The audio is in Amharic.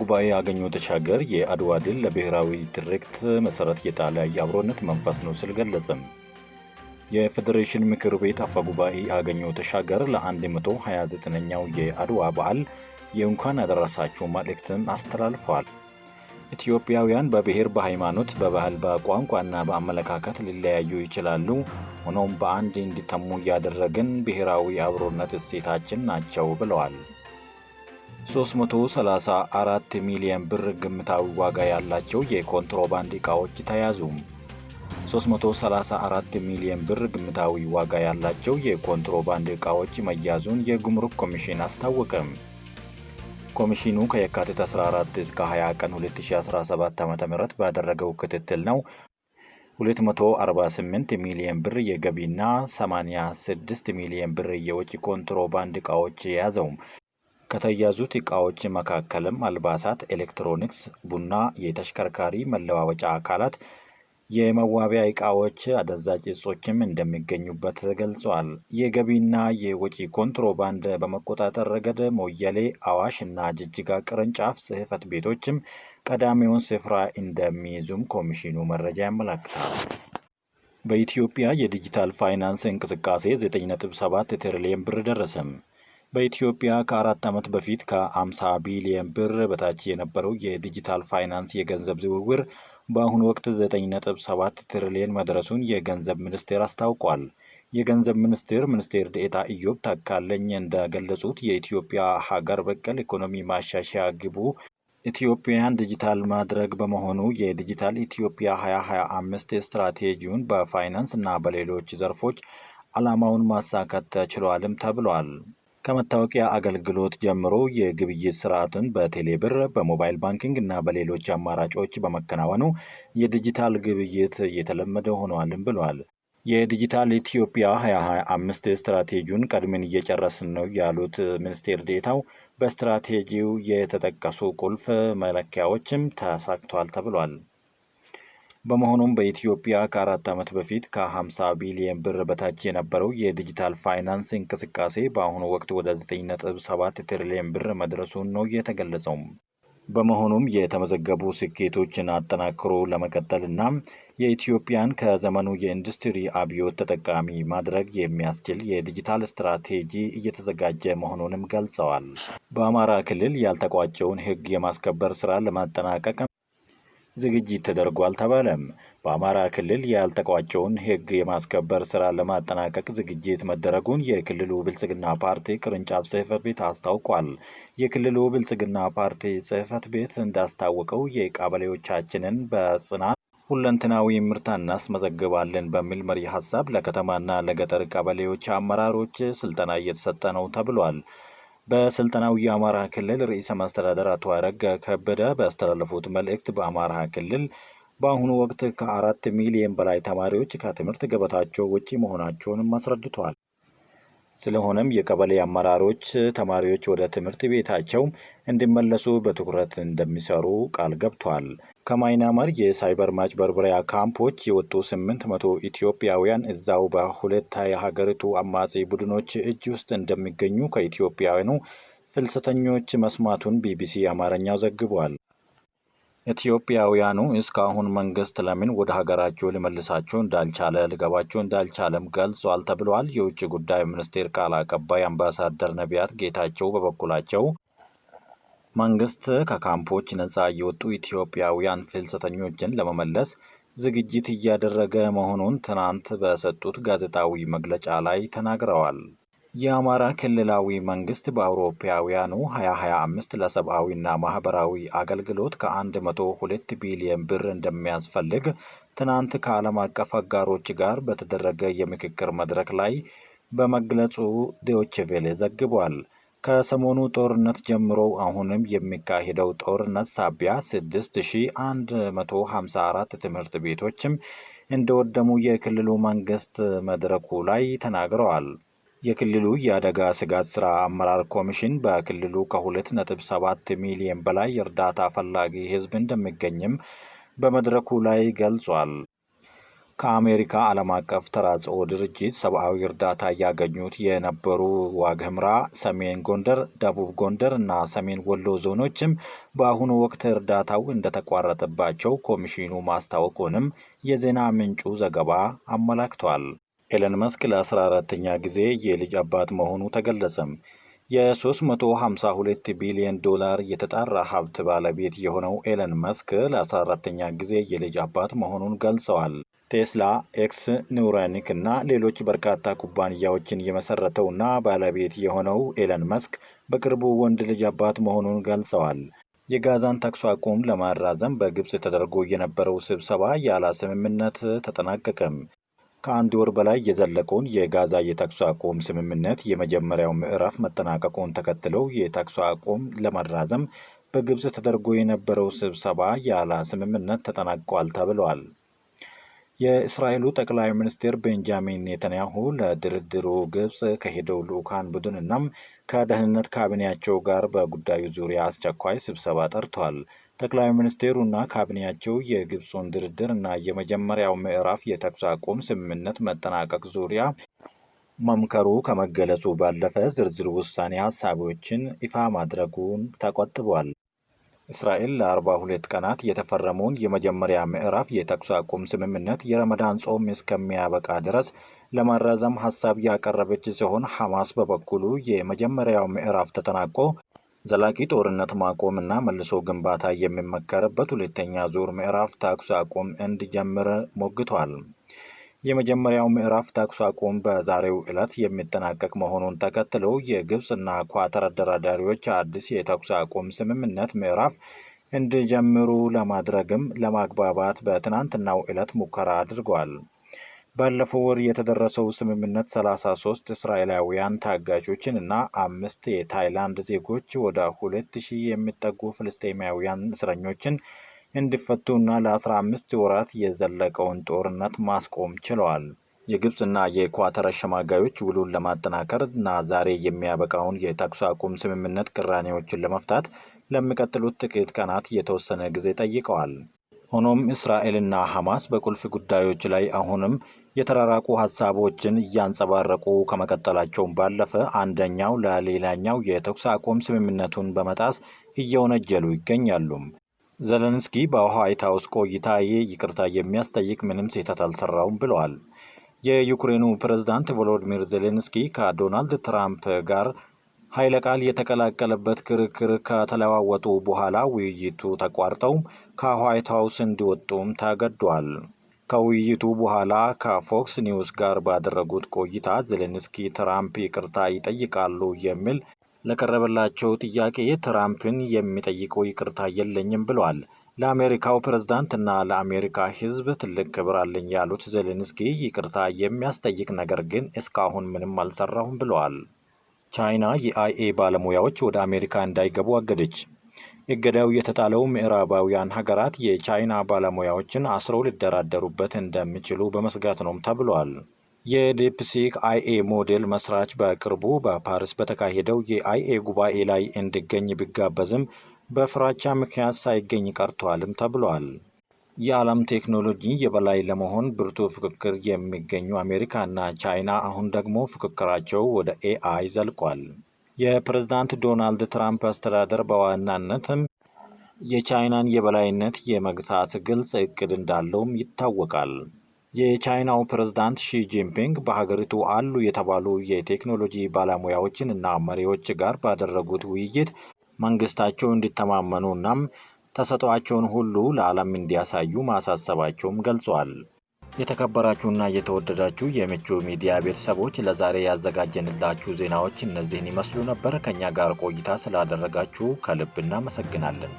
ጉባኤ አገኘሁ ተሻገር የአድዋ ድል ለብሔራዊ ትርክት መሰረት የጣለ የአብሮነት መንፈስ ነው ሲል ገለጸም። የፌዴሬሽን ምክር ቤት ጉባኤ አገኘሁ ተሻገር ለ129ኛው የአድዋ በዓል የእንኳን ያደረሳችሁ መልእክትም አስተላልፈዋል። ኢትዮጵያውያን በብሔር፣ በሃይማኖት፣ በባህል፣ በቋንቋና በአመለካከት ሊለያዩ ይችላሉ። ሆኖም በአንድ እንዲተሙ እያደረግን ብሔራዊ አብሮነት እሴታችን ናቸው ብለዋል። 334 ሚሊዮን ብር ግምታዊ ዋጋ ያላቸው የኮንትሮባንድ ዕቃዎች ተያዙ። 334 ሚሊዮን ብር ግምታዊ ዋጋ ያላቸው የኮንትሮባንድ ዕቃዎች መያዙን የጉምሩክ ኮሚሽን አስታወቀ። ኮሚሽኑ ከየካቲት 14 እስከ 20 ቀን 2017 ዓ ም ባደረገው ክትትል ነው 248 ሚሊዮን ብር የገቢና 86 ሚሊዮን ብር የውጭ ኮንትሮባንድ ዕቃዎች የያዘው። ከተያዙት ዕቃዎች መካከልም አልባሳት፣ ኤሌክትሮኒክስ፣ ቡና፣ የተሽከርካሪ መለዋወጫ አካላት፣ የመዋቢያ ዕቃዎች፣ አደንዛዥ እጾችም እንደሚገኙበት ተገልጿል። የገቢና የወጪ ኮንትሮባንድ በመቆጣጠር ረገድ ሞያሌ፣ አዋሽ እና ጅጅጋ ቅርንጫፍ ጽህፈት ቤቶችም ቀዳሚውን ስፍራ እንደሚይዙም ኮሚሽኑ መረጃ ያመላክታል። በኢትዮጵያ የዲጂታል ፋይናንስ እንቅስቃሴ 9.7 ትሪሊየን ብር ደረሰም። በኢትዮጵያ ከአራት ዓመት በፊት ከ50 ቢሊየን ብር በታች የነበረው የዲጂታል ፋይናንስ የገንዘብ ዝውውር በአሁኑ ወቅት 9.7 ትሪሊየን መድረሱን የገንዘብ ሚኒስቴር አስታውቋል። የገንዘብ ሚኒስቴር ሚኒስቴር ዴኤታ ኢዮብ ታካለኝ እንደገለጹት የኢትዮጵያ ሀገር በቀል ኢኮኖሚ ማሻሻያ ግቡ ኢትዮጵያን ዲጂታል ማድረግ በመሆኑ የዲጂታል ኢትዮጵያ 2025 ስትራቴጂውን በፋይናንስ እና በሌሎች ዘርፎች ዓላማውን ማሳካት ተችሏልም ተብሏል። ከመታወቂያ አገልግሎት ጀምሮ የግብይት ስርዓትን በቴሌብር በሞባይል ባንኪንግ እና በሌሎች አማራጮች በመከናወኑ የዲጂታል ግብይት እየተለመደ ሆኗልም ብለዋል። የዲጂታል ኢትዮጵያ 2025 ስትራቴጂውን ቀድሜን እየጨረስን ነው ያሉት ሚኒስቴር ዴታው በስትራቴጂው የተጠቀሱ ቁልፍ መለኪያዎችም ተሳክቷል ተብሏል። በመሆኑም በኢትዮጵያ ከአራት ዓመት በፊት ከ50 ቢሊየን ብር በታች የነበረው የዲጂታል ፋይናንስ እንቅስቃሴ በአሁኑ ወቅት ወደ 9.7 ትሪሊየን ብር መድረሱን ነው የተገለጸው። በመሆኑም የተመዘገቡ ስኬቶችን አጠናክሮ ለመቀጠል ለመቀጠልና የኢትዮጵያን ከዘመኑ የኢንዱስትሪ አብዮት ተጠቃሚ ማድረግ የሚያስችል የዲጂታል ስትራቴጂ እየተዘጋጀ መሆኑንም ገልጸዋል። በአማራ ክልል ያልተቋጨውን ሕግ የማስከበር ስራ ለማጠናቀቅ ዝግጅት ተደርጓል ተባለም። በአማራ ክልል ያልተቋጨውን ሕግ የማስከበር ስራ ለማጠናቀቅ ዝግጅት መደረጉን የክልሉ ብልጽግና ፓርቲ ቅርንጫፍ ጽህፈት ቤት አስታውቋል። የክልሉ ብልጽግና ፓርቲ ጽህፈት ቤት እንዳስታወቀው የቀበሌዎቻችንን በጽናት ሁለንትናዊ ምርታ እናስመዘግባለን በሚል መሪ ሀሳብ ለከተማና ለገጠር ቀበሌዎች አመራሮች ስልጠና እየተሰጠ ነው ተብሏል። በስልጠናው የአማራ ክልል ርዕሰ መስተዳደር አቶ አረጋ ከበደ ባስተላለፉት መልእክት በአማራ ክልል በአሁኑ ወቅት ከአራት ሚሊዮን በላይ ተማሪዎች ከትምህርት ገበታቸው ውጪ መሆናቸውንም አስረድተዋል። ስለሆነም የቀበሌ አመራሮች ተማሪዎች ወደ ትምህርት ቤታቸው እንዲመለሱ በትኩረት እንደሚሰሩ ቃል ገብቷል። ከማይናማር የሳይበር ማጭበርበሪያ ካምፖች የወጡ ስምንት መቶ ኢትዮጵያውያን እዛው በሁለት የሀገሪቱ አማጺ ቡድኖች እጅ ውስጥ እንደሚገኙ ከኢትዮጵያውያኑ ፍልሰተኞች መስማቱን ቢቢሲ አማርኛው ዘግቧል። ኢትዮጵያውያኑ እስካሁን መንግስት ለምን ወደ ሀገራቸው ሊመልሳቸው እንዳልቻለ ሊገባቸው እንዳልቻለም ገልጿል ተብሏል። የውጭ ጉዳይ ሚኒስቴር ቃል አቀባይ አምባሳደር ነቢያት ጌታቸው በበኩላቸው መንግስት ከካምፖች ነፃ የወጡ ኢትዮጵያውያን ፍልሰተኞችን ለመመለስ ዝግጅት እያደረገ መሆኑን ትናንት በሰጡት ጋዜጣዊ መግለጫ ላይ ተናግረዋል። የአማራ ክልላዊ መንግስት በአውሮፓውያኑ 2025 ለሰብአዊና ማህበራዊ አገልግሎት ከ102 ቢሊዮን ብር እንደሚያስፈልግ ትናንት ከዓለም አቀፍ አጋሮች ጋር በተደረገ የምክክር መድረክ ላይ በመግለጹ ዶይቼ ቬለ ዘግቧል። ከሰሞኑ ጦርነት ጀምሮ አሁንም የሚካሄደው ጦርነት ሳቢያ 6154 ትምህርት ቤቶችም እንደወደሙ የክልሉ መንግስት መድረኩ ላይ ተናግረዋል። የክልሉ የአደጋ ስጋት ስራ አመራር ኮሚሽን በክልሉ ከ2.7 ሚሊዮን በላይ እርዳታ ፈላጊ ህዝብ እንደሚገኝም በመድረኩ ላይ ገልጿል። ከአሜሪካ ዓለም አቀፍ ተራጽኦ ድርጅት ሰብአዊ እርዳታ እያገኙት የነበሩ ዋግምራ ሰሜን ጎንደር፣ ደቡብ ጎንደር እና ሰሜን ወሎ ዞኖችም በአሁኑ ወቅት እርዳታው እንደተቋረጠባቸው ኮሚሽኑ ማስታወቁንም የዜና ምንጩ ዘገባ አመላክቷል። ኤለን መስክ ለ14ተኛ ጊዜ የልጅ አባት መሆኑ ተገለጸም። የ352 ቢሊዮን ዶላር የተጣራ ሀብት ባለቤት የሆነው ኤለን መስክ ለ14ተኛ ጊዜ የልጅ አባት መሆኑን ገልጸዋል። ቴስላ፣ ኤክስ፣ ኒውራኒክ እና ሌሎች በርካታ ኩባንያዎችን የመሰረተውና ባለቤት የሆነው ኤለን መስክ በቅርቡ ወንድ ልጅ አባት መሆኑን ገልጸዋል። የጋዛን ተኩስ አቁም ለማራዘም በግብፅ ተደርጎ የነበረው ስብሰባ ያለ ስምምነት ተጠናቀቀም። ከአንድ ወር በላይ የዘለቀውን የጋዛ የተኩስ አቁም ስምምነት የመጀመሪያው ምዕራፍ መጠናቀቁን ተከትለው የተኩስ አቁም ለማራዘም በግብፅ ተደርጎ የነበረው ስብሰባ ያለ ስምምነት ተጠናቋል ተብሏል። የእስራኤሉ ጠቅላይ ሚኒስትር ቤንጃሚን ኔተንያሁ ለድርድሩ ግብፅ ከሄደው ልዑካን ቡድን እናም ከደህንነት ካቢኔያቸው ጋር በጉዳዩ ዙሪያ አስቸኳይ ስብሰባ ጠርተዋል። ጠቅላይ ሚኒስቴሩና ካቢኔያቸው የግብፁን ድርድር እና የመጀመሪያው ምዕራፍ የተኩስ አቁም ስምምነት መጠናቀቅ ዙሪያ መምከሩ ከመገለጹ ባለፈ ዝርዝር ውሳኔ ሀሳቦችን ይፋ ማድረጉን ተቆጥቧል። እስራኤል ለአርባ ሁለት ቀናት የተፈረመውን የመጀመሪያ ምዕራፍ የተኩስ አቁም ስምምነት የረመዳን ጾም እስከሚያበቃ ድረስ ለማራዘም ሀሳብ ያቀረበች ሲሆን ሐማስ በበኩሉ የመጀመሪያው ምዕራፍ ተጠናቆ ዘላቂ ጦርነት ማቆምና መልሶ ግንባታ የሚመከርበት ሁለተኛ ዙር ምዕራፍ ተኩስ አቁም እንዲጀምር ሞግቷል። የመጀመሪያው ምዕራፍ ተኩስ አቁም በዛሬው ዕለት የሚጠናቀቅ መሆኑን ተከትሎ የግብፅና ኳተር አደራዳሪዎች አዲስ የተኩስ አቁም ስምምነት ምዕራፍ እንዲጀምሩ ለማድረግም ለማግባባት በትናንትናው ዕለት ሙከራ አድርገዋል። ባለፈው ወር የተደረሰው ስምምነት 33 እስራኤላውያን ታጋቾችን እና አምስት የታይላንድ ዜጎች ወደ ሁለት ሺህ የሚጠጉ ፍልስጤማውያን እስረኞችን እንዲፈቱና ለ15 ወራት የዘለቀውን ጦርነት ማስቆም ችለዋል። የግብፅና የኢኳተር አሸማጋዮች ውሉን ለማጠናከር እና ዛሬ የሚያበቃውን የተኩስ አቁም ስምምነት ቅራኔዎችን ለመፍታት ለሚቀጥሉት ጥቂት ቀናት የተወሰነ ጊዜ ጠይቀዋል። ሆኖም እስራኤልና ሐማስ በቁልፍ ጉዳዮች ላይ አሁንም የተራራቁ ሀሳቦችን እያንጸባረቁ ከመቀጠላቸውን ባለፈ አንደኛው ለሌላኛው የተኩስ አቁም ስምምነቱን በመጣስ እየወነጀሉ ይገኛሉ። ዘለንስኪ በዋይት ሀውስ ቆይታዬ ይቅርታ የሚያስጠይቅ ምንም ስህተት አልሰራውም ብለዋል። የዩክሬኑ ፕሬዝዳንት ቮሎዲሚር ዜሌንስኪ ከዶናልድ ትራምፕ ጋር ኃይለ ቃል የተቀላቀለበት ክርክር ከተለዋወጡ በኋላ ውይይቱ ተቋርጠው ከዋይት ሀውስ እንዲወጡም ተገዷል። ከውይይቱ በኋላ ከፎክስ ኒውስ ጋር ባደረጉት ቆይታ ዜሌንስኪ ትራምፕ ይቅርታ ይጠይቃሉ የሚል ለቀረበላቸው ጥያቄ ትራምፕን የሚጠይቀው ይቅርታ የለኝም ብለዋል። ለአሜሪካው ፕሬዝዳንትና ለአሜሪካ ሕዝብ ትልቅ ክብር አለኝ ያሉት ዜሌንስኪ ይቅርታ የሚያስጠይቅ ነገር ግን እስካሁን ምንም አልሰራሁም ብለዋል። ቻይና የአይኤ ባለሙያዎች ወደ አሜሪካ እንዳይገቡ አገደች። እገዳው የተጣለው ምዕራባውያን ሀገራት የቻይና ባለሙያዎችን አስረው ሊደራደሩበት እንደሚችሉ በመስጋት ነውም ተብሏል። የዲፕሲክ አይኤ ሞዴል መስራች በቅርቡ በፓሪስ በተካሄደው የአይኤ ጉባኤ ላይ እንዲገኝ ቢጋበዝም በፍራቻ ምክንያት ሳይገኝ ቀርቷልም ተብሏል። የዓለም ቴክኖሎጂ የበላይ ለመሆን ብርቱ ፍክክር የሚገኙ አሜሪካና ቻይና አሁን ደግሞ ፍክክራቸው ወደ ኤአይ ዘልቋል። የፕሬዝዳንት ዶናልድ ትራምፕ አስተዳደር በዋናነትም የቻይናን የበላይነት የመግታት ግልጽ እቅድ እንዳለውም ይታወቃል። የቻይናው ፕሬዝዳንት ሺ ጂንፒንግ በሀገሪቱ አሉ የተባሉ የቴክኖሎጂ ባለሙያዎችን እና መሪዎች ጋር ባደረጉት ውይይት መንግስታቸው እንዲተማመኑ እናም ተሰጧቸውን ሁሉ ለዓለም እንዲያሳዩ ማሳሰባቸውም ገልጿል። የተከበራችሁና የተወደዳችሁ የምቹ ሚዲያ ቤተሰቦች ለዛሬ ያዘጋጀንላችሁ ዜናዎች እነዚህን ይመስሉ ነበር። ከእኛ ጋር ቆይታ ስላደረጋችሁ ከልብ እናመሰግናለን።